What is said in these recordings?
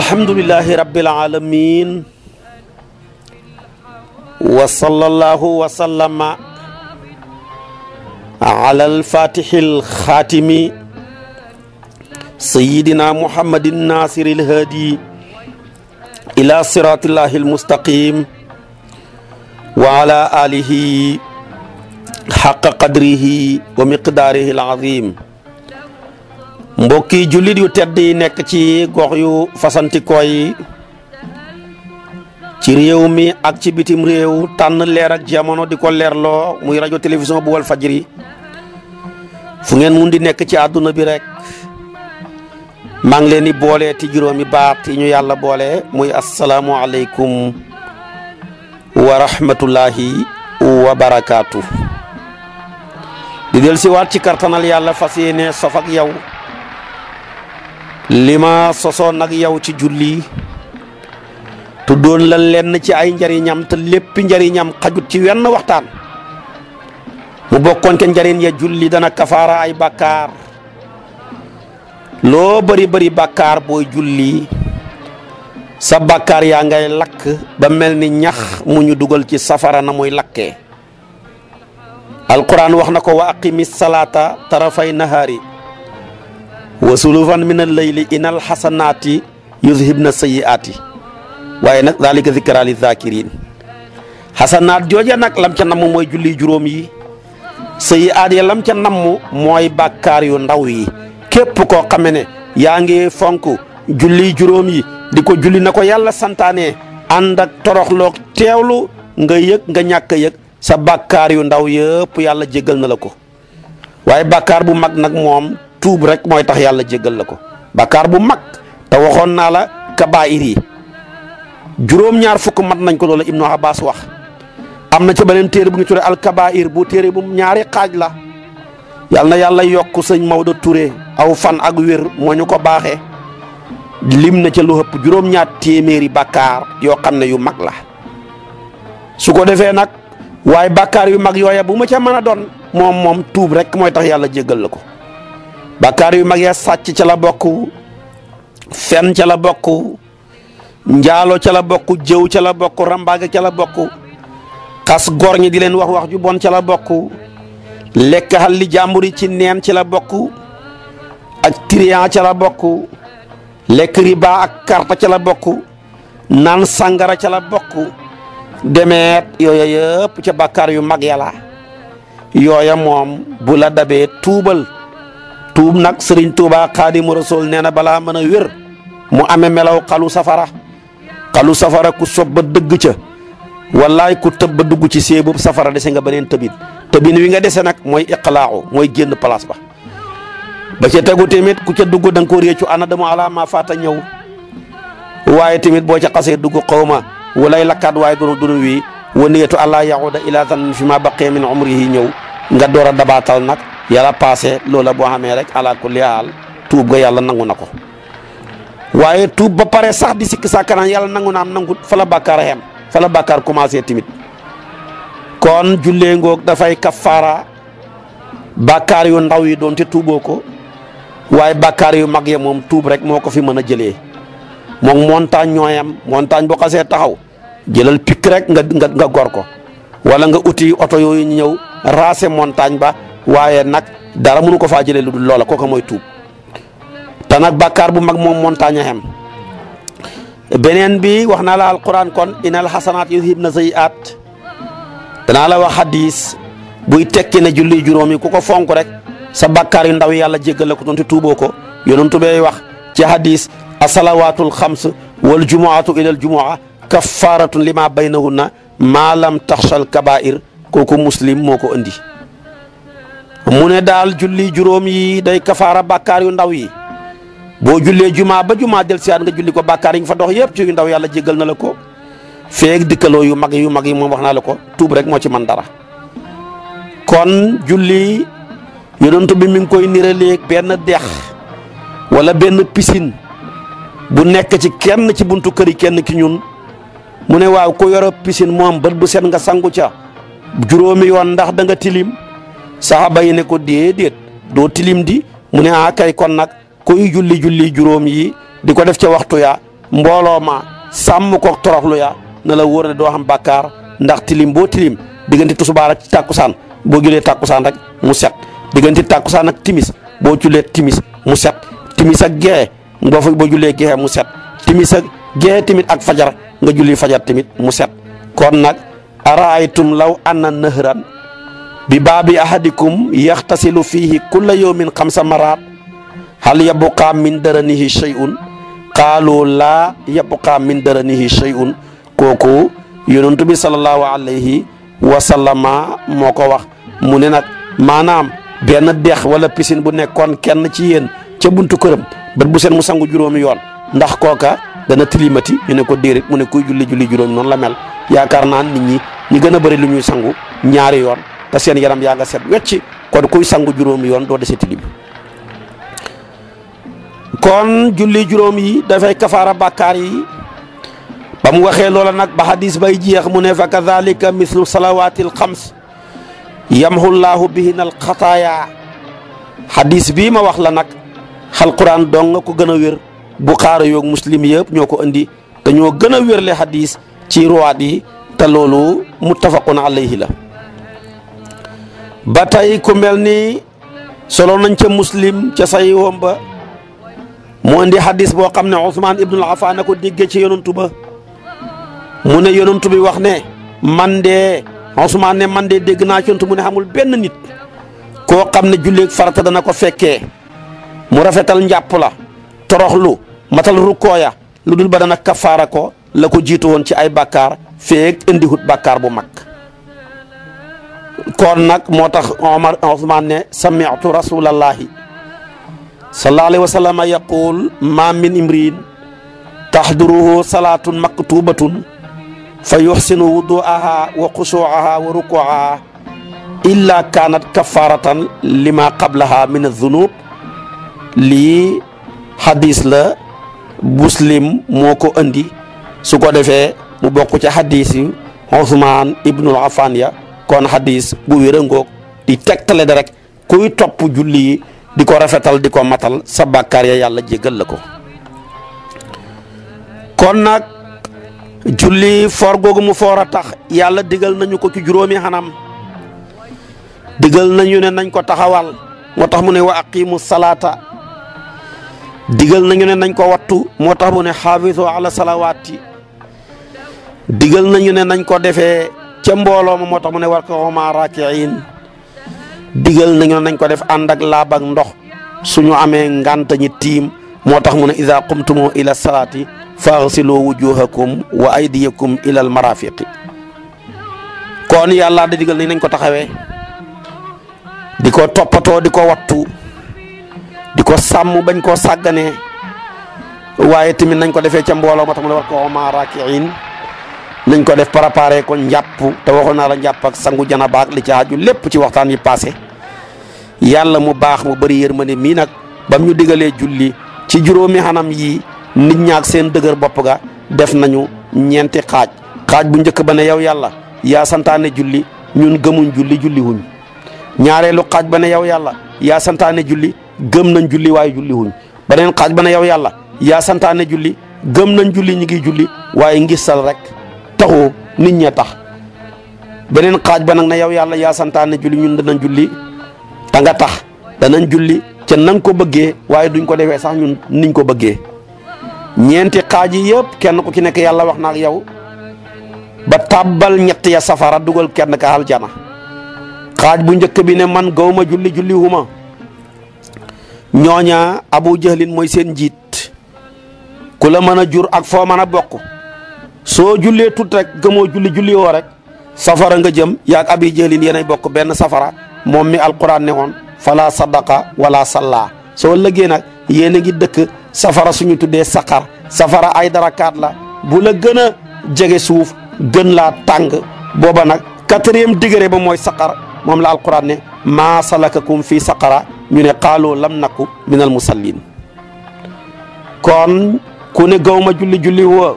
الحمد لله رب العالمين وصلى الله وسلم على الفاتح الخاتم سيدنا محمد الناصر الهادي ila siratillahi almustaqim wa ala alihi xaqa qadrihi wa miqdaarihi alazim mbokki jullit yu tedd yi nekk ci gox yu fasantikoo yi ci réew mi ak ci bitim réew tànn leer ak jamono di ko leerloo muy rajo télévision bu Walfadjri fu ngeen mun di nekk ci àdduna bi rek maa ngi leen di boolee ti juróomi baat yi ñu yàlla boole muy asalaamualeykum wa rahmatullahi wa barakaatu. di del siwaat ci kartanal yàlla fas yéene sof ak yow li ma sosoon ak yow ci julli tuddoon la lenn ci ay njariñam te lépp njariñam xajut ci wenn waxtaan mu bokkoon ke njariñ ya julli dana kafaara ay bàkkaar loo bari bari bàkkaar booy julli sa bakkaar yaa ngay lakk ba mel ni ñax mu ñu dugal ci safara na muy lakkee alquran wax na ko wa aqimi salaata tarafay nahaari wa sulufan min al layli inal xasanaati yuzhibna sayiaati waaye nag dalika zikra li zakirin xasanaat jooja nag lam ca namm mooy julli juróom yi sayiaat ya lam ca namm mooy bàkkaar yu ndaw yi képp koo xame ne yaa ngi fonk julli juróom yi di ko julli na ko yàlla santaane ànd ak toroxloog teewlu nga yëg nga ñàkk a yëg sa bakkaar yu ndaw yëpp yàlla jéggal na la ko waaye bàkkaar bu mag nag moom tuub rek mooy tax yàlla jéggal la ko bàkkaar bu mag te waxoon naa la kabaayir yi juróom-ñaar fukk mat nañ ko loola Ibnu Abbas wax am na ci beneen téere bu ngi tuddee al kabaayir bu téere bu ñaari xaaj la yalna yalla yok seigne sëñ Touré aw fan ak wér moñu ko baxé lim ci lu hepp juróom ñaat téméri bakkar yo xamné ne yu mag la su ko defee nag waaye bàkkaar yu mag yoyé bu ma ca mën a mom moom moom tuub rek moy tax yalla jéggal lako bakkar yu mag ya sacc ci la bokku fen ci la bokku njaalo ci la bokku jëw ci la bokku rambaga ci la bokku gorñi di len wax wax ju bon ci la bokku lekk xal li jàmbur yi ci neen ci la bokk ak trian ci la bokk lekk riba ak karta ci la bokk naan sàngara ca la bokk demeet yooya yëpp ca bàkkaar yu mag yàlla yooya moom bu la dabee tuubal tuub nag sëriñ tuubaa xaadimu rasul nee na balaa mën a wér mu amee melaw xalu safara xalu safara ku sob ba dëgg ca wallahi ku teub ba dugg ci tabid boobu safara dese nga benen tebit tebin wi nga dese nak moy iqlaaxu moy genn place ba ba ci tagu timit ku ci dugg dang ko reccu ana dama ala ma faata ñew waye timit bo ci xasse dugg xawma walay lakkat waye dunu dunu wi wa alla ya'uda ila tan fi ma baqiya min umrihi ñew nga door dabatal nak yalla passé lola bo xamee rek ala kulli hal tuub ga yalla nangu nako waye tuub ba pare sax di sik sakana yalla nangu nangut fala la fa bakar bàkkaar commencé timit kon ngok da fay kafara bàkkaar yu ndaw yi don te tuboko waye tubrek yu mag ye ya mom tub rek moko fi meuna a jëlee montagne ñoyam montagne bu xasse taxaw jëlal pik rek nga nga gor ko wala nga uti oto yooyu ñew rasé montagne ba waye nak dara mënu ko fa jëlee lool dul ko kooka mooy tuub te bu mag mom montagne beneen bi wax naa la alquran kon inal xasanaat yudhibna sayiat danaa la wax hadis buy tekki ne julli juróomi ku ko fonk rek sa bakkaar yu ndaw yàlla jéggal la ko doon te tuuboo ko yonentu bee wax ci hadis asalawaatul xams wal jumuatu ilal jumua kaffaratun lima baynahunna maa lam taxsal kabair kooku muslim moko ko andi mu ne daal julli juróom yi day kafaara bakkaar yu ndaw yi bo julle juma ba juma del siyaat nga julli ko bakkar yi nga fa dox yeb ci ndaw yalla jegal na la ko feek dikelo yu mag yu mag yi mom wax na la ko tuub rek mo ci man dara kon julli yonent bi mi ngi koy niraleeg ben dex wala ben piscine bu nek ci kenn ci buntu kër yi kenn ki ñun mu ne waaw ko yoro piscine am bët bu sen nga sangu ca yon ndax da nga tilim sahaba yi ne ko do tilim di mu ne a ah, kay kon nak kuy julli julli juróom yi di ko def ca waxtu ya mbooloo ma sàmm ko toroxlu ya na la wóor ne doo xam bàkkaar ndax tilim boo tilim diggante tusubaar ak tàkkusaan boo jullee tàkkusaan rek mu set diggante tàkkusaan ak timis boo jullee timis mu set timis ak gexe boo fa boo jullee gexe mu set timis ak gexe tamit ak fajar nga julli fajar tamit mu set kon nag araaytum law anna nahran bi baabi ahadikum yaxtasilu fiihi kulla yawmin xamsa maraat hal yabuqa min daranihi shay'un qalu la yabuqa min daranihi shay'un koko yonent bi sallallahu alayhi wa sallama moko ko wax mune ne manam maanaam benn wala piscine bu nekkoon kenn ci yéen ca buntu këram musangu bu seen mu sangu juróomi yoon ndax dana tilimati ñu ne ko déedéet mu ne kuy julli julli juróomi noonu la mel yaakaar naa nit ñi ñi gën a lu ñuy sangu ñaari yoon yaram nga set kuy sangu yoon do kon julli juróom yi dafay kafaara bàkkaar yi ba mu waxee loola nag ba xadis bay jeex mu ne fa kadalika mislu salawaatil xams yamhullaahu bihin al xataaya xadis bii ma wax la nag alquran dong nga ko gën a wér buxaari yoog muslim yëpp ñoo ko indi dañoo gën a wérle xadis ci ruwaat yi te loolu muttafaqun alayhi la ba tey ku mel ni solo nañ ca muslim ca sayihom ba mu indi hadis boo xam ne Ousmane Ibnul Affan ko déggee ci yonantu ba mu ne yonantu wax ne man de Ousmane ne man de dégg naa ci yonantu mu ne xamul benn nit koo xam ne julleeg farata dana ko fekkee mu rafetal njàpp la toroxlu matal rukkooya lu dul ba dana kafaara ko la ko jiitu woon ci ay bàkkaar feek indi hut bàkkaar bu mag kon nag moo tax Omar Ousmane ne sami'tu rasulallahi sallallahu alayhi wa sallam yaqul ma min imriin taxduruhu salaatun maktubatun fa yuxsinu wuduaha wa xusuaha wa rukuaha illa kaanat kafaratan lima qablaha min adunub lii xadis la muslim moo ko andi su ko defee mu bokk ci xadis yi Usmaan ya kon xadis bu ngoog di tegtale da kuy topp julli di ko rafetal di ko matal sa bàkkaar ya yàlla jéggal la ko kon nag julli foor googu mu foor a tax yàlla digal nañu ko ci juróomi xanam digal nañu ne nañ ko taxawal moo tax mu ne wa aqimu salaata digal nañu ne nañ ko wattu moo tax mu ne xaafisu ala salawaati digal nañu ne nañ ko defee ca mbooloo ma moo tax mu ne war ko ma digal nañu nañ ko def ànd ak laab ak ndox suñu amee ngànt tiim moo tax mu ne ida qumtumo ila salaati faghsilu wujuhakum wa aydiyakum ila al marafiqi yàlla da digal nañ nañ ko taxawee di ko toppatoo di ko wattu di ko sàmm bañ koo sàgganee waaye tamit nañ ko defee ca mbooloo moo tax mu ne war ko ma raakiin nañ ko def préparé ko njàpp te waxoon naa la njàpp ak sangu jana baag li ci aju lépp ci waxtaan yi passé yàlla mu baax mu bëri yërmande mii nag bam ñu digalee julli ci juróomi xanam yi nit ñaak seen dëgër bopp ga def nañu ñeenti xaaj xaaj bu njëkk ba ne yow yàlla yaa santaane julli ñun gëmuñ julli julli ñaareelu xaaj ba ne yow yàlla yaa julli gëm nañ julli waaye julli xaaj ba ne yow yàlla yaa julli gëm nañ julli ñi julli waaye ngisal rek Tahu nit ñe tax benen xaj ba nak na yow yalla ya santane julli ñun danañ julli ta nga tax julli ci nan ko bëgge waye duñ ko défé sax ñun niñ ko bëgge ñenti xaj yi yëpp kenn ku ci nek yalla wax na ak yow ba tabal ñett ya safara duggal kenn ka aljana xaj bu ñëk bi ne man gawma julli julli huma ñoña abu jahlin moy seen jitt kula mana jur ak fo mën bokku soo jullee tut rek gëmoo julli julli woo rek safara nga jëm yaag abi jëlin yéenay bokk benn safara moom mi alquran ne woon fala sadaqa wala sallaa soo lëggee nag yéen a ngi dëkk safara suñu tuddee saqar safara ay darakaat la bu la gën jege suuf gën laa tàng booba nag quatrième degré ba mooy saqar moom la alquran ne maa salakakum fii saqara ñu ne qaaloo lam naku min al musallin kon ku ne gaw julli julli woo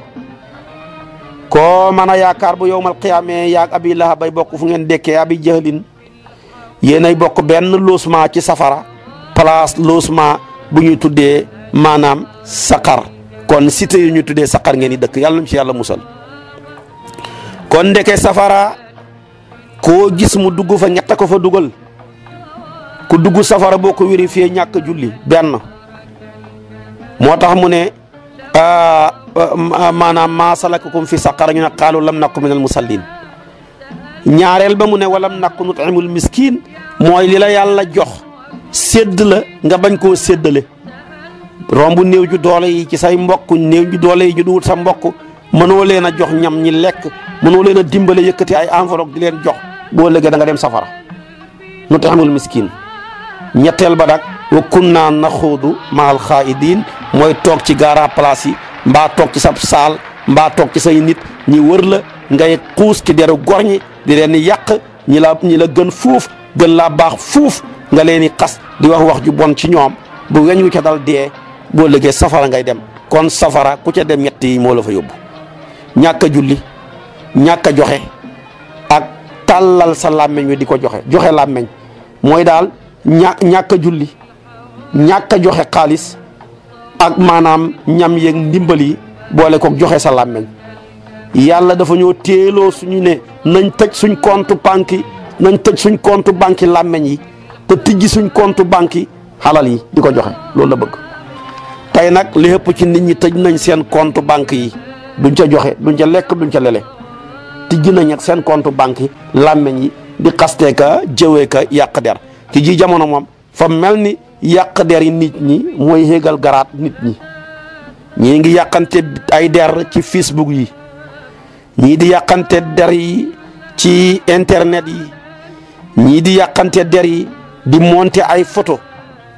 ko mana Yakar bu yowmal qiyaame yaag abi lahab bay bokku fu ngeen dekkee abi jahlin yéenay bokku ben loosement ci safara place loosement bu ñuy tuddé manam sakar. kon cité yu ñu tuddé saqar ngeen di dëkk yalla ci yalla musal kon ndeke safara ko gis mu duggu fa ñetta ko fa duggal ku duggu safara boko ko ñak julli ben motax mu ne maanaam maa salakakum fi saqar ñu ne qaalu lam nakku min al musallin ñaareel ba mu ne walam nakku nutimul miskin mooy li la yàlla jox sédd la nga bañ ko séddale rombu néew ju doole yi ci say mbokk néew ju doole yi ju duwut sa mbokk mënoo leena jox ñam ñi lek mënoo leena dimbale yëkëti ay enveloppe di leen jox bo leggé da nga dem safara nutimul miskin ñettel ba dak wa kunna nakhudu ma al khaidin moy tok ci gara place yi mbaa tok ci sab sal mba tok ci say nit ñi wër la ngay xuus ci deru gorñi di leen yaq ñi la ñi la gën fouf gën la bax fouf nga leni xass di wax wax ju bon ci ñom bu wéñu ci dal dé bo safara ngay dem kon safara ku ci dem ñetti mo la fa yóbbu ñaka julli ñaka joxé ak talal sa làmmeñ wi di joxé joxé joxe làmmeñ mooy daal ñàkk julli ñaka joxé xaalis ak maanaam ñam yeeg ndimbal yi boole koog joxe sa làmmeñ yàlla dafa ñoo teeloo suñu ne nañ tëj suñ compte banque yi nañ tëj suñ compte banque yi làmmeñ yi te tijji suñ compte banque yi xalal yi di ko joxe loolu la bëgg tey nag li ëpp ci nit ñi tëj nañ seen compte banque yi duñ ca joxe duñ ca lekk duñ ca lele tijji nañ seen compte banque yi làmmeñ yi di xasteeka jëweeka yàq der ci ji jamono moom fa mel ni yak der nit ñi moy hegal garat nit ñi ñi ngi yakante ay der ci facebook yi ñi di yakante der yi ci internet yi ñi di yakante der yi di monter ay photo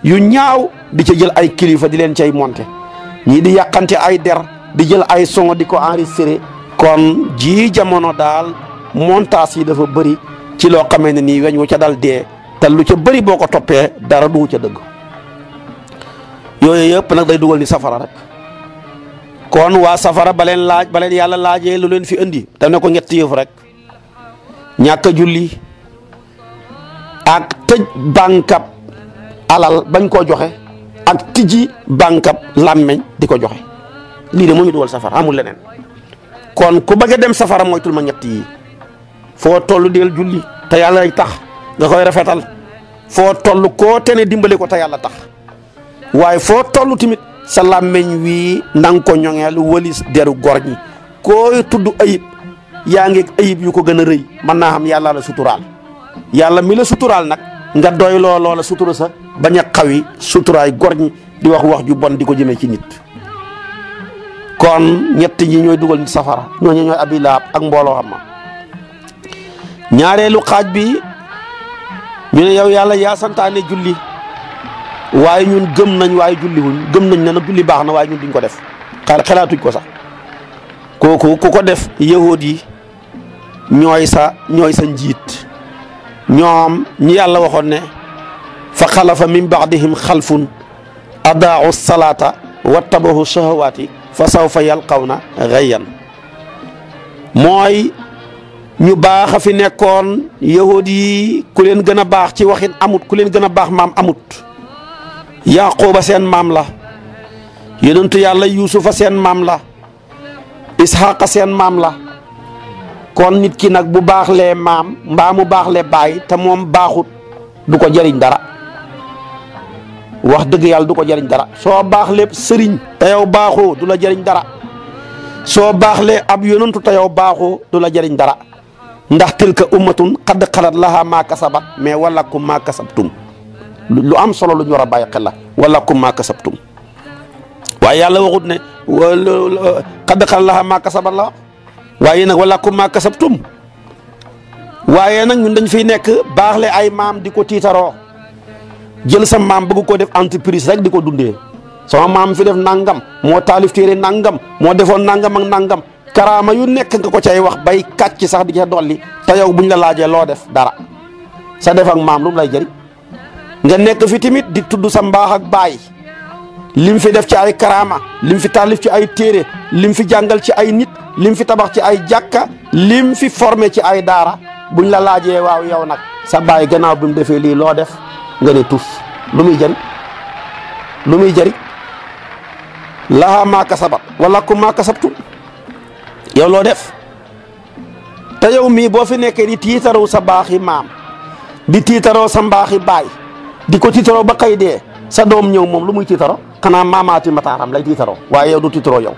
yu ñaaw di ci jël ay kilifa di leen cay monter ñi di yakante ay der di jël ay son di ko enregistrer kon ji jamono dal montage yi dafa kilo ci lo xamee ni nii ca dal dee te lu ca bari boko topé dara du ca deug yooyu yëpp nag day dugal ni safara rek kon waa safara ba leen laaj baleen yàlla laajee lu leen fi indi daf ne ko ñett yëf rek ñàkka a julli ak tëj bànkab alal bañ koo joxe ak tijji bànkab làmmeñ di ko joxe lii de moo ñu dugal safara amul leneen kon ku bëgg dem safara moytul ma ñett yi foo tollu del julli te yàlla tax nga koy rafetal foo toll koo tene dimbale ko te yàlla tax waaye foo toll tamit sa làmmeñ wi na ko ñoŋeel walis deru gor ñi kooy tudd ayib yaa ngi ayib yu ko gën a rëy mën naa xam yàlla la suturaal yàlla mi la suturaal nag nga doy loo loola sutura sa bañ a xawi suturaay gor ñi di wax wax ju bon di ko jëmee ci nit kon ñett ñi ñooy dugal nit safara ñooñu ñooy abi laab ak mbooloo xam ma ñaareelu xaaj bi ñu ne yow yàlla yaa santaane julli waaye ñun gëm nañ waaye julliwuñ gëm nañ ne nag julli baax na waaye ñun duñ ko def xalaatuñ ko sax kooku ku ko def yahood yi ñooy sa ñooy sa njiit ñoom ñi yàlla waxoon ne fa xalafa min baadihim xalfun adaau salaata wattabahu shahawaati fa sawfa yalqawna xayyan mooy ñu baaxa fi nekkoon yahood yi ku leen gën a baax ci waxin amut ku leen gën a baax maam amut yaquba seen maam la yonentu yàlla yuusufa seen maam la isxaqa seen maam la kon nit ki nag bu baax lee maam mbaa mu baax lee baay te moom baaxut du ko jariñ dara wax dëgg yàlla du ko jëriñ dara soo baax lépp sëriñ te yow baaxoo du la jariñ dara soo baax lee ab yonentu te yow baaxoo du la jariñ dara ndax tilka ummatun qad xalat laha maa kasabat mais ku maa kasabtum lu am solo lu ñu war a bàyyi xel la wala kum maa kasabtum waaye yàlla waxut ne xad xan laha maa kasabat la waaye nag wala kum maa kasabtum waaye nag ñun dañ fiy nekk baax le ay maam di ko tiitaroo jël sam maam bëgg koo def entreprise rek di ko dundee sama maam fi def nangam moo taalif téere nangam moo defoon nangam ak nangam karama yu nekk nga ko cay wax bay kàcc sax di ca dolli te yow buñ la laajee loo def dara sa def ak maam lu lay jëriñ nga nek fi timit di tuddu sa mbax ak bay lim fi def ci ay karama lim fi talif ci ay téré lim fi jangal ci ay nit lim fi tabax ci ay jakka lim fi formé ci ay dara buñ la laajee waaw yow nak sa bay gënaaw défé li lo def nga ne tus lu muy jëriñ lu muy jëriñ laha ma kasabat wala kum ma kasabtu yow lo def te yow mi bo fi nekkee di titaro sa baxi mam di titaro sa baxi bay di ko tiitaro ba kay de sa dom ñew mom lu muy tiitaro xanaa mamati mataram lay tiitaro waye yow du tiitaro yow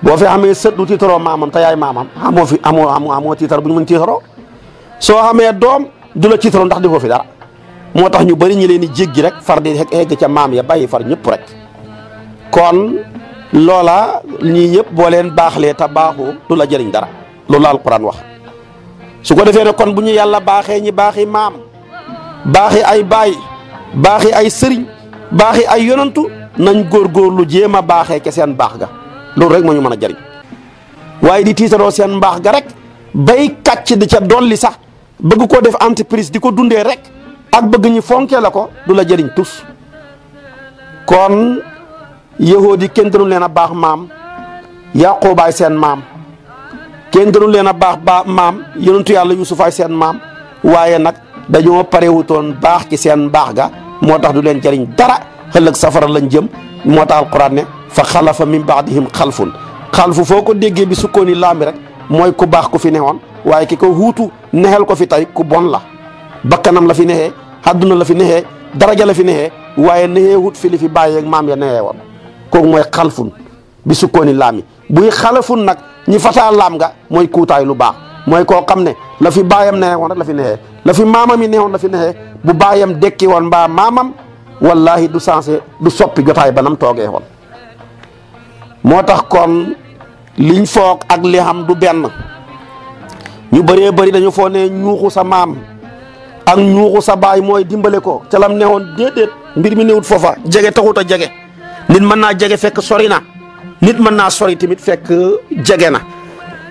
bo fi amé sët du tiitaro maamam te yaay maamam amoo fi amo amo amoo tiitaro bu ñu mën tiitaro so amé dom du la tiitaro ndax di fi dara motax ñu bari ñi leen di jéggi rek far di egg ci mam ya bayyi far ñepp rek kon lola ñi ñepp bo leen baaxlee ta baxu du la jëriñ dara lola alquran wax su ko defé kon bu ñu yàlla baaxee ñi baxi mam yi ay baay yi ay sëriñ yi ay yonantu nañ góor góorgóorlu jéem a baaxee ke seen baax ga loolu rek moo ñu mën a jariñ waaye di tiitaroo seen mbaax ga rek bay kàcc di ca dolli sax bëgg koo def entreprise di ko dundee rek ak bëgg ñu fonkee la ko du la jëriñ tus kon yahood yi kenn gënu leen a baax maam yàqoobaay seen maam kenn gënu leen a baax baax maam yonentu yàlla yusufaay seen maam waaye nag dañoo parewutoon baax ci seen baax ga moo tax du leen jëriñ dara ëllëg safara lañ jëm moo tax alquran ne fa xalafa min baadihim xalfun xalfu foo ko déggee bi sukkooni laam rek mooy ku baax ku fi newoon waaye ki ko wuutu nexel ko fi tey ku bon la bakkanam la fi nexee àdduna la fi nexee daraja la fi nexee waaye nexee wut fi li fi bàyyeeg maam ya nexee woon kooku mooy xalfun bi sukkooni laam yi buy xalafun nag ñi fataa laam nga mooy kuutaay lu baax mooy koo xam ne la fi bàyyam nexee woon la fi nexee la maamam yi neexoon la fi nexe bu baayam dekki woon mbaa maamam wallahi du sensé du soppi jotaay banam toogee woon moo tax kon liñ foog ak li xam du benn ñu bëree bëri dañu foo ne ñuuxu sa maam ak ñuuxu sa baay mooy dimbale ko ca lam neexoon déedéet mbir mi newut foofa jege taxut a jege nit mën naa jege fekk sori na nit mën naa sori tamit fekk jege na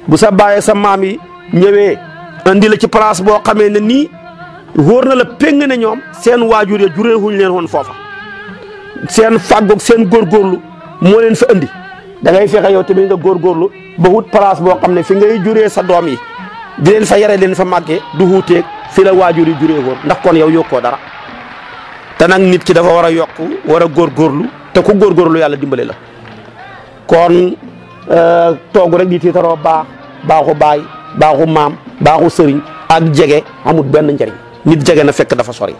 bu sa baay sa maam yi ñëwee andi la ci place boo xamee ne nii wóor na la péng ne ñoom seen waajur ya juree wuñ leen woon foofa seen fàggoog seen góor góorlu moo leen fa andi da ngay fexe yow tamit nga góorgóorlu ba wut place boo xam ne fi ngay juree sa doom yi di leen fa yare leen fa màggee du wuuteeg fi la waajur yi juree woon ndax kon yow yokkoo dara te nag nit ki dafa war a yokk war a góor góorlu te ku góorgóorlu yàlla dimbale la kon euh, toogu rek di tiitaroo baax baaxu baay baaxu maam baaxu sëriñ ak jege amul benn njëriñ nit jege na fekk dafa sori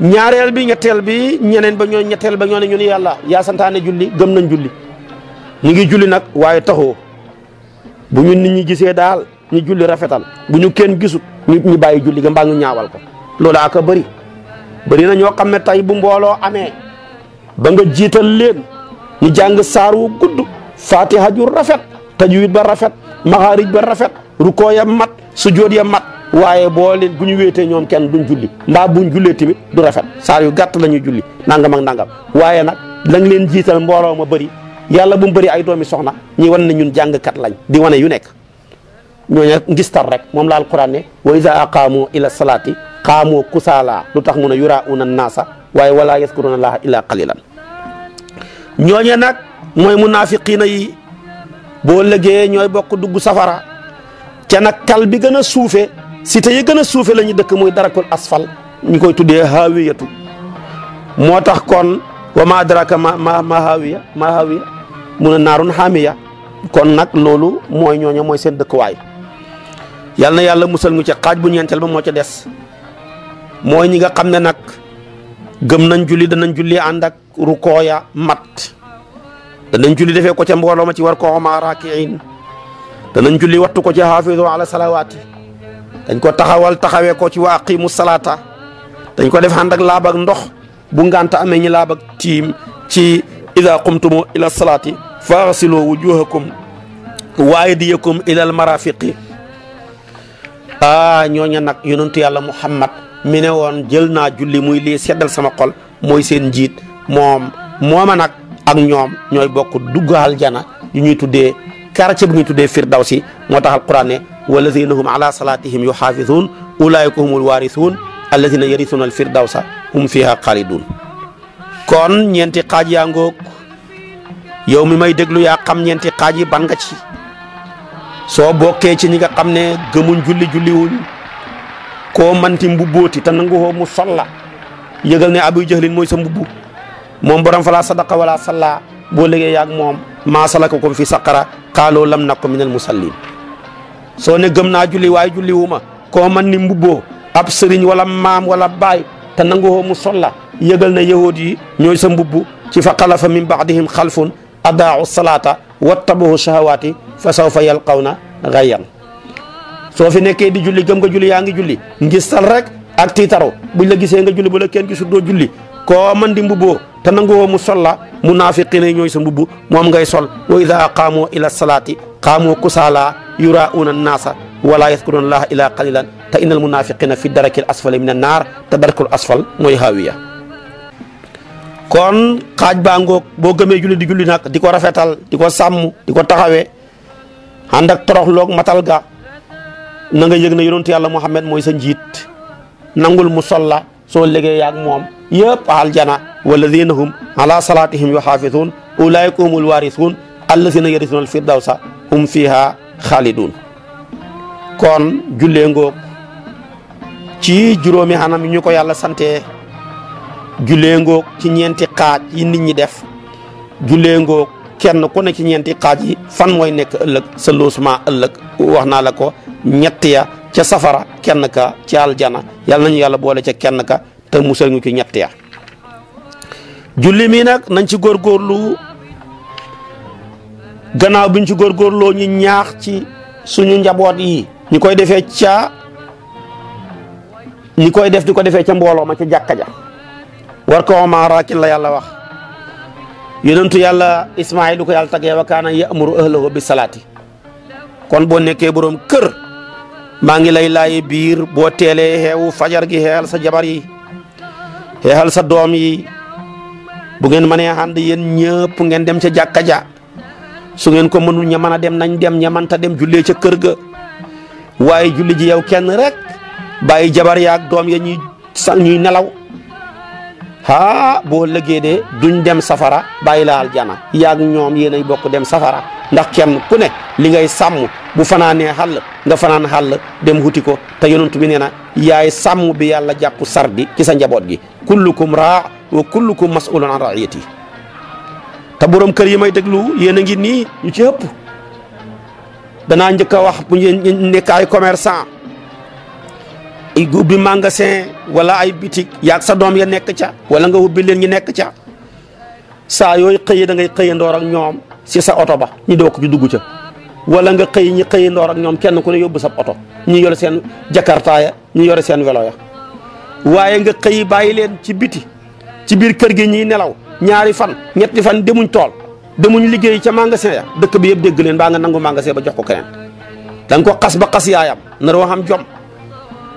ñaareel bi ñetteel bi ñeneen ba ñoo ñetteel ba ñoo ne yàlla yaa santaane julli gëm nañ julli ñu ngi julli nag waaye taxoo bu ñu nit ñi gisee daal ñu julli rafetal bu ñu kenn gisut nit ñi bàyyi julli ga mbaa ñu ñaawal ko loolu ak a bëri bëri na ñoo xam ne tey bu mbooloo amee ba nga jiital leen ñu jàng saar wu gudd faatiha ju rafet tajwid ba rafet maxaarij ba rafet rukoo ya mat sujud ya mat waye bo len buñu wété ñom kenn duñ julli nda buñ jullee tamit du rafet sa yu gatt lañu julli nangam ak nangam waye nak la nga leen jiital mbooloo ma bari yalla bu bari ay doomi soxna ñi wan ñun jang kat lañ di wane yu nek ñoña ngistar rek mom la alquran ne wa iza aqamu ila salati qamu nak lu tax na yurauna nasa waye wala yaskuruna ila qalilan ñoña nak moy munafiqina yi boo lëgee ñooy bokk dugg safara ca nag kal bi gën a suufe si yi gën a suufe la ñu dëkk muy darakul asfal ñu koy tuddee haawiyatu moo tax kon wa ma adraka ma ma ma haawiya ma haawiya mun a naarun kon nag loolu mooy ñooña mooy seen dëkkuwaay yal na yàlla musal ñu ca xaaj bu ñeenteel ba moo ca des mooy ñi nga xam ne nag gëm nañ julli danañ julli ànd ak rukooya mat danañ julli defé ko ci mbolo ma ci war ko ma raakiin danañ julli wattu ko ci hafizu ala salawati dañ ko taxawal taxawé ko ci wa salata dañ ko def hand ak lab ak ndokh bu nganta amé ñi lab ak tim ci ida qumtum ila salati faghsilu wujuhakum wa aydiyakum ila marafiq ah ñoña nak yonentu yalla muhammad mi ne jël naa julli muy li seddal sama xol moy seen jitt mom moma nak ak ñoom ñooy bokk dugg jana yu ñuy tuddee quartier bu ñuy tuddee firdawsi moo tax alquran ne walazina hum ala salatihim yuxaafizuun ulaayika humul waarisuun allazina yarisuuna al firdawsa hum fiha xaalidun kon ñeenti xaaj yaa ngoog yow mi may déglu yaa xam ñeenti xaaj yi ban nga ci soo bokkee ci ñi nga xam ne gëmuñ julli julliwuñ koo manti mbubbooti te nangu hoo mu sol la yëgal ne abu jahlin mooy sa mbubbu mom borom fala sadaqa wala salla boo liggéey ak moom maa salakakum fi saqara qalu lam nakku minal musallin so ne gëm naa julli way julli wuma ko man ni ab serign wala mam wala bay ta nanguwoo mu solla na yahudi ñoy sa mbubbu ci fa khalafa min ba'dihim khalfun ada'u salata wattabu shahawati fa sawfa yalqawna ghayyan so fi nekkee di julli gem nga julli julli ngi sal rek ak tiitaro buñ la nga julli bu la kenn julli ko man di mbubbo te nango mu solla munafiqin ñoy sa mbubu mom ngay sol wa idha qamu ila salati qamu kusala yurauna an-nasa wala yadhkuruna allah ila qalilan ta innal munafiqina fi darakil al-asfali minan nar ta asfal moy hawiya kon xaj bango bo gëmé julli di julli nak diko rafetal diko sam diko taxawé andak lok matal ga na nga na yonentu yalla muhammad moy sa njit nangul musalla so legge yak mom yëpp aljana walladina hum ala salatihim yuxaafizuun ulaayka humul waarisuun allazina yarisuuna alfirdawsa hum fiha xaaliduun kon jullee ngoog ci juróomi anam yi ñu ko yàlla sante jullee ngoog ci ñeenti xaaj yi nit ñi def jullee ngoog kenn ku ne ci ñeenti xaaj yi fan mooy nekk ëllëg sa loosuma ëllëg wax naa la ko ñett ya ca safara kenn ka ca aljana yàlla nañu yàlla boole ca kenn ka te musal ñu ñett ya julli mi nak nañ ci góorgóorlu gannaaw buñ ci góorgóorloo ñi ñaax ci suñu njaboot yi ñi koy defé ca ñi koy def diko defé ca mbolo ma ca jakka ja war ko ma raakil la wax yonentu yalla ismaeil ko yalla tagge wa kana ya'muru ahlihi bis salati kon bo nekké borom kër ma ngi lay lay biir bo télé fajar gi sajabari sa jabar yi xeexal sa doom yi bu ngeen mënee ànd yéen ñëpp ngeen dem ca jàkka ja su ngeen ko mënul ña mën a dem nañ dem ña mënta dem jullee ca kër ga waaye julli ji yow kenn rek bàyyi jabar yaag doom ya ñuy sax ñuy nelaw haa boo lëggee de duñ dem safara bàyyi la aljana yaag ñoom yéenay bokk dem safara ndax kenn ku ne li ngay sàmm bu fanaanee xàll nga fanaan xàll dem wuti ko te yonent bi nee na yaay sàmm bi yàlla jàpp sardi ci sa njaboot gi kullukum raa wa kullukum masulun an raiyati te borom kër yi may déglu yéen a ngi nii ñu ci ëpp danaa njëkk a wax bu nekk ay ay goubi magasin wala ay bitik yak sa dom ya nek ca wala nga ubbi len ñi nek ca sa yoy xey da ngay ndor ak ñom ci sa auto ba ñi doo ko ci duggu ca wala nga xey ñi ndor ak ñom kenn ku ne yobbu sa auto ñi yor sen jakarta ya ñi yor sen velo ya waye nga xey bayi len ci biti ci bir kër gi ñi nelaw ñaari fan ñetti fan demuñ tol demuñ liggey ci magasin ya dekk bi yeb degg len ba nga nangu magasin ba jox ko keneen dang ko xas ba xas yaayam ro xam jom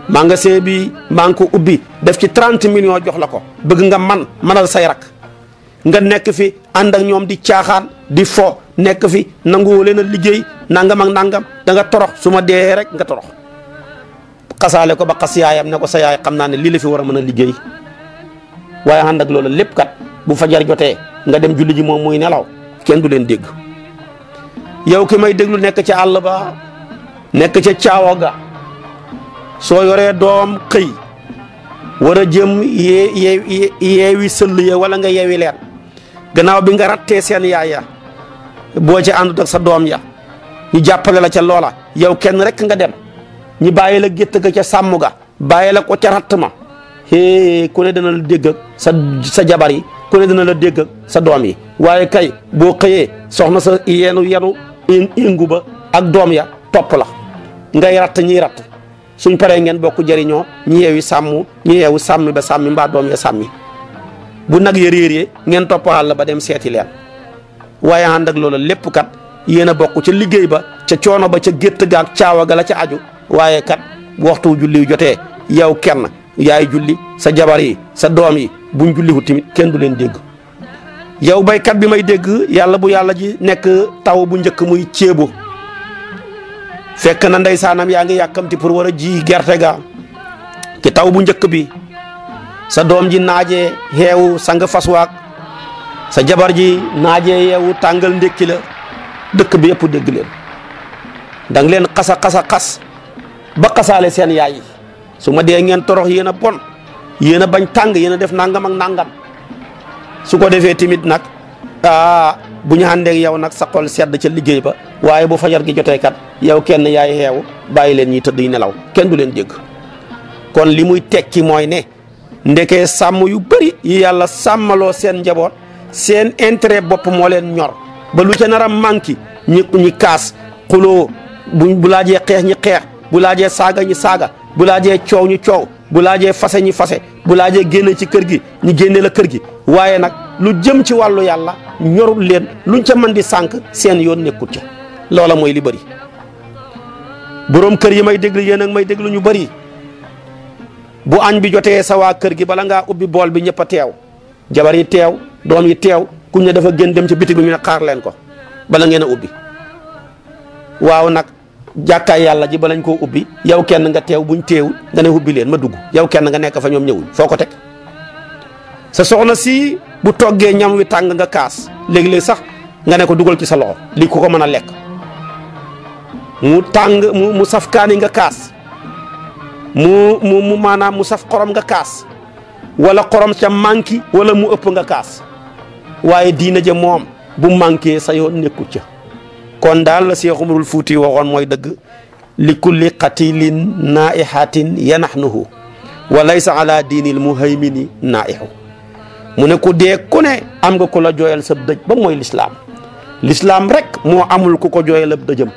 magasin bi maa ngi ko ubbi def ci 30 millions jox la ko bëgg nga man manal say rak nga nekk fi ànd ñoom di caaxaan di fo nekk fi nanguwoo leen a liggéey nangam ak nangam danga torox su ma dee rek nga torox kasaale ko ba xas yaayam ne ko sa yaay xam naa ne lii la fi war a mën a liggéey waaye ànd ak loolu lépp kat bu fajar jotee nga dem julli ji moom muy nelaw kenn du leen dégg yow ki may déglu nekk ci àll ba nekk ca caawa ga soo yoree doom këy war jëm yee yee yeewi sëll ya wala nga yeewi leen gannaaw bi nga rattee seen yaay boo ca àndut ak sa doom ya ñu jàppale la ca loola yow kenn rek nga dem ñu bàyyi la gétt ga ca sàmm ga bàyyi la ko ca ratt ma hee ku ne dana la dégg sa sa jabar yi ku ne dana la dégg sa doom yi waaye kay boo këyee soxna sa yenu yenu ingu ba ak doom ya topp la ngay ratt ñiy ratt suñ paree ngeen bokk jariñoo ñi yeewi sàmm ñi yeewu sàmmi ba sàmmi mbaa doom ya sàmmi bu nag ya réeree ngeen toppaxal la ba dem seeti leen waaye ànd ak loolu lépp kat yéen a bokk ca liggéey ba ca coono ba ca gétt gaak caawa ga la ca aju waaye kat waxtu julli jotee yow kenn yaay julli sa jabar yi sa doom yi buñ julliwut tamit kenn du leen dégg yow baykat bi may dégg yàlla bu yàlla ji nekk taw bu njëkk muy ceebu fekk na ndeysaanam yaa ngi yàkkamti pour war ji gerte ga ci taw bu njëkk bi sa doom ji naajee xeewu sang faswaak sa jabar ji naajee yeewu tàngal ndékki la dëkk bi yëpp dégg leen da nga leen xasa xasa xas ba xasaale seen yaay yi su ngeen torox yéen bon yéen bañ tàng yéen def nangam ak nangam su ko defee timit nag ah bu ñu àndeek yow nag sa xol sedd ca liggéey ba waaye bu fajar gi jotee kat yow kenn yaay xeew bàyyi leen ñi tëdd yi nelaw kenn du leen dégg kon li muy tekki mooy ne ndekee sàmm yu bëri yi yàlla sàmmaloo seen njaboot seen intérêt bopp moo leen ñor ba lu ca nar a manqué ñi kaas xuloo bu bu laajee xeex ñi xeex bu laajee saaga ñi saaga bu laajee coow ñi coow bu laajee fase ñi fase bu laajee génne ci kër gi ñi génne la kër gi waaye nag lu jëm ci wàllu yàlla ñorul leen luñ ca mën di sànq seen yoon nekkut ca loola mooy li bëri boroom kër yi may déglu yéen ak may déglu ñu bëri bu añ bi jotee sa waa kër gi bala ngaa ubbi bool bi ñëpp a teew jabar yi teew doom yi teew kuñ ne dafa gën dem ci bitig bi ñu ne xaar leen ko bala ngeen a ubbi waaw nag jàkkaay yàlla ji balañ koo ubbi yow kenn nga teew bu ñu teew nga ne ubbi leen ma dugg yow kenn nga nekk fa ñoom ñëwul foo ko teg sa soxna si bu toggee ñam wi tàng nga kaas léegi-léegi sax nga ne ko dugal ci sa loxo lii ku ko mën a lekk mu tàng mu mu saf kaani nga kaas mu mu maanaam mu saf xorom nga kaas walla xorom ca manki wala mu ëpp nga kaas waaye diina ja moom bu manqué sa yoon nekku ca kon daal la Seex Umarul Fuuti waxoon mooy dëgg li kulli qatilin naihatin yanahnuhu wa laysa mu diinil muhaymini naihu mune ko de ko ne am nga ko la joyal sa ba moy l'islam l'islam rek mo amul ku ko joyal ab dëjëm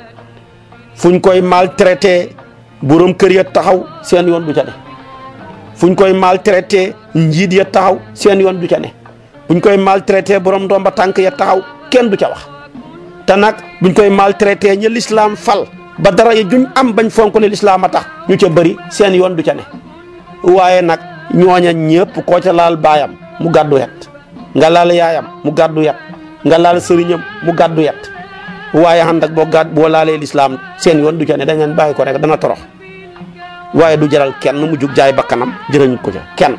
fuñ koy maltraiter borom keur ya taxaw sen yoon du ca ne fuñ koy maltraiter njiit ya taxaw sen yoon du ca ne buñ koy maltraiter borom domba tank ya taxaw kenn du ca wax ta nak buñ koy maltraiter ñe l'islam fal ba dara ya juñ am bañ fonk ne l'islam tax ñu ca bari sen yoon du ca ne waye nak ñoña ñepp ko ca laal bayam mu gaddu yat nga laal yaayam mu gaddu yat nga laal serignam mu gaddu yat waye ànd ak boo gàdd boo laalee lislaam seen yoon du ca ne da ngeen bàyyi rek dana torox waye du jaral kenn mu juk jaay bakkanam jeerañu ko ja kenn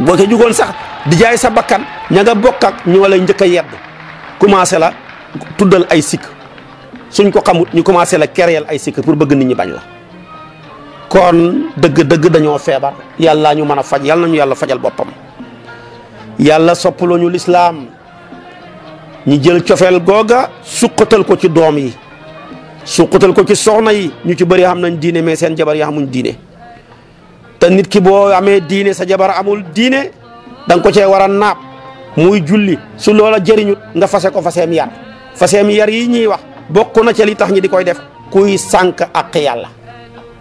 bo ca jugol sax di jaay sa bakkan bokk ak ñu wala yedd commencé la tuddal ay sik suñ ko xamut ñu commencé la kereel ay sik pour bëgg nit ñi bañ la kon deug deug dañoo febar yalla ñu mëna faj yalla ñu yalla fajal bopam yàlla soppaloo lislaam ñu jël cofeel googa suqatal ko ci doom yi suqatal ko ci soxna yi ñu ci bëri am nañ diine mais seen jabar yi xamuñ diine te nit ki boo amee diine sa jabar amul diine danga nga ko cee war a naab muy julli su loola jëriñut nga fase ko faseem yar faseem yar yi ñuy wax bokk na cel yi tax ñi di koy def kuy sànq àq yàlla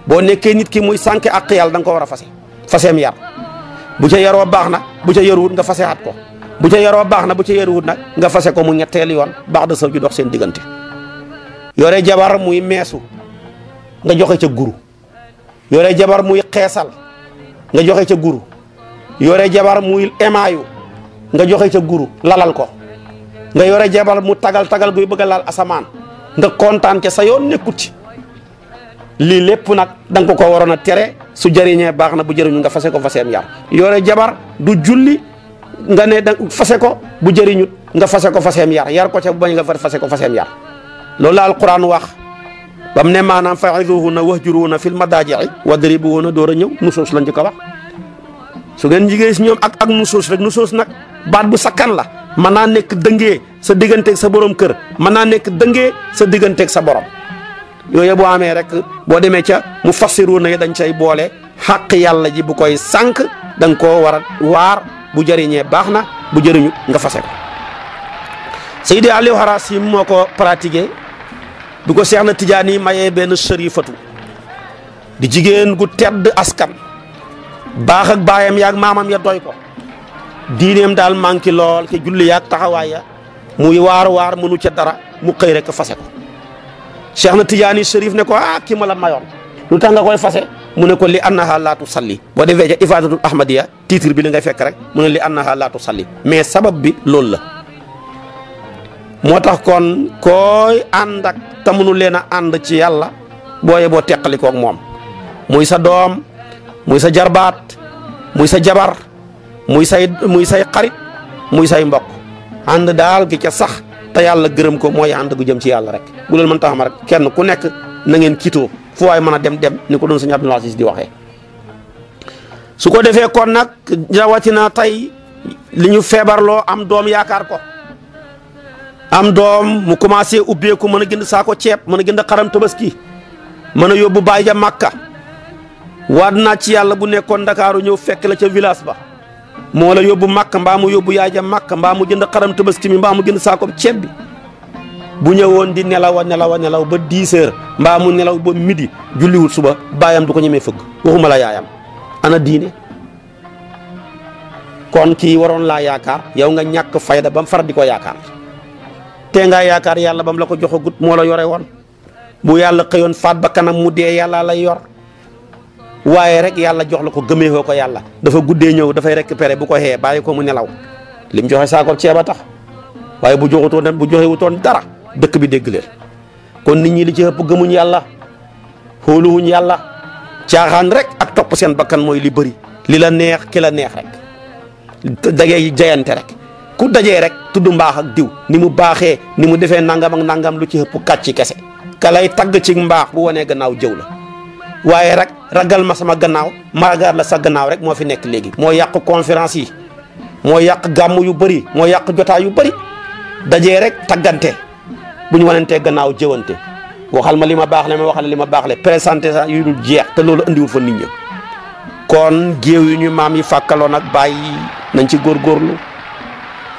boo nekkee nit ki muy sànq àq yàlla da nga ko war a fase faseem yar bu ca yaroo baax na bu ca yaruwut nga hat ko bu ca yaroo baax na bu ca yaruwut nak nga fase ko mu ñettel yoon bax da saw ju dox seen digënté yore jabar muy mesu nga joxé ca guru yore jabar muy xéssal nga joxé ca guru yore jabar muy emaayu nga joxé ca guru lalal ko nga yoré jabar mu tagal tagal guy bëgg laal asaman. nga kontan ci sa yoon nekkuti lii lépp nag da nga ko ko waroon a tere su jariñee baax na bu jëriñu nga fase ko faseem yar yore jabar du julli nga ne da fase ko bu jëriñut nga fase ko faseem yar yar ko ca bañ nga fase ko faseem yar loolu la alquran wax bam ne maanaam fa'iduhunna wahjuruhunna fil madaaji'i wadribuhunna door a ñëw nusuus lañ ci ko wax su ngeen jigéen si ñoom ak ak nusuus rek nusuus nag baat bu sakkan la mën naa nekk dëngee sa digganteeg sa borom kër mën naa nekk dëngee sa digganteeg sa borom yooya bu amee rek boo demee ca mu fasiru na ya dañ cay boole xàq yàlla ji bu koy dan dang koo war a waar bu jëriñee baax na bu jëriñu nga fase ko seydi aliou harasim moo ko pratiqué bi ko cheikh na sharifatu di jigéen gu tedd askan baax ak baayam yaag maamam ya doy ko diineem daal manki lool ke julli yaag taxawaay ya muy waar waar mënu ca dara mu xëy rek fase ko cheikh na tidiane sherif ne ko ah ki mala mayon lu nga koy fase mu ne ko li annaha la tusalli bo de ca ifadatul ahmadiya titre bi li ngay fek rek mu li annaha la tusalli mais sabab bi lol la motax kon koy andak tamunu leena and ci yalla boye bo yàlla booye boo muy sa dom muy sa jarbat muy sa jabar muy say muy say xarit muy say mbokk and dal gi ca sax ta yalla gërëm ko moy and gu jëm ci yalla rek bu leen mën ta xam rek kenn ku nekk na ngeen kito fu way mëna dem dem ni ko doon sëñ Abdul Aziz di waxe su ko defé kon nak jawatina tay liñu febarlo am dom yaakar ko am dom mu commencé ubbe ko mëna gënd sa ko ciép mëna gënd xaram tobaski mëna yobbu baye ja makka wadna ci yalla bu nekkon dakaru ñew fekk la ci village ba mo la yobbu makka mbaa mu yóbbu yaaja makka mbaa mu jënd xaram tabaski mi mbaa mu jënd saako ceeb bi bu ñëwoon di nelaw nelaw nelaw ba 10 h mbaa mu nelaw ba midi julliwut suba bayam du ko ñëmé fëgg waxuma la yaayam ana diiné kon ki waron la yaakar yow nga ñak fayda bam far di ko yaakaar te nga yaakar yalla bam la ko joxagut mo la yore won bu yalla xëyoon faat ba kanam mu dé yalla lay yor waye rek yalla jox gëmé ko gëmeewoo ko yàlla dafa guddee ñëw dafay récupéré bu ko hé bayi ko mu nelaw lim sa ko ci ba tax waye bu dem bu joxé wuton dara dëkk bi dégg leen kon nit ñi li ci ëpp gëmuñ yàlla xooluwuñ yàlla caaxaan rek ak top seen bakkan moy li bëri li la neex ki la neex rek dagee jayante rek ku dajé rek tudum mbax ak diw ni mu baxé ni mu défé nangam ak nangam lu ci ëpp kàcci kese ka lay ci mbax bu woné gannaaw jëw la waye rek ragal ma sama gannaaw maagaar la sa gannaaw rek mo fi nek léegi mo yak conférence yi mo yak gamu yu bari mo yak jotaay yu bari dajé rek taggante buñu ñu gannaaw jëwante waxal ma lima bax waxal lima bax présenté sa yu dul jeex te andi fa nit ñi kon géew yu ñu maam yi fàkkaloon nak bayyi nañ ci gorlu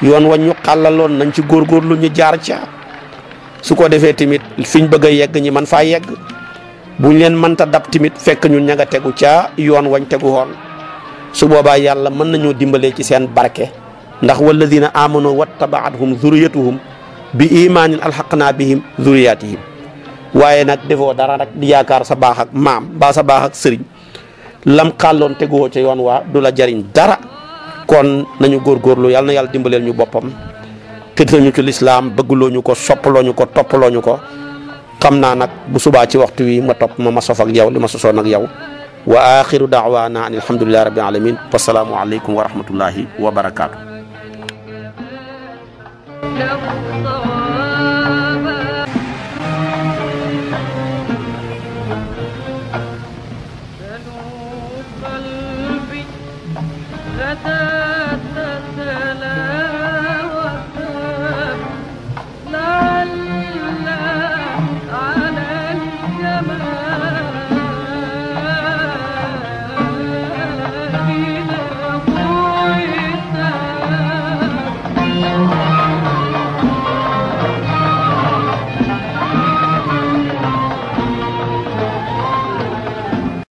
yoon wañu xalalon nañ ci gorlu ñu jaar ci su ko fiñ bëgg yegg ñi man fa yegg buñ leen mënta dab timit fekk ñu ña nga tegu ca yoon wañ tegu woon su boobaa yàlla mën nañoo dimbalee ci seen barke ndax walla walladina amanu wattabaathum zuriyatuhum bi alxaq imaanin alxaqnaa bihim zuriyatihim waaye nag defoo dara yaakaar sa baax ak maam mbaa sa baax ak sëriñ lam xàlloon teguwoo ca yoon waa du la jariñ dara kon nañu góor góorgóorlu yàlla na yàlla dimbaleel ñu boppam tëdd nañu ci lislaam bëggloo ñu ko soppaloo ñu ko toppaloo ñu ko xam naa nag bu subaa ci waxtu wi ma topp ma ma sof ak yow li ma sosoon ak yow wa axiru daawaana an alhamdulillahi rabbil alamin wasalaamu aleykum wa rahmatullahi wa barakaatu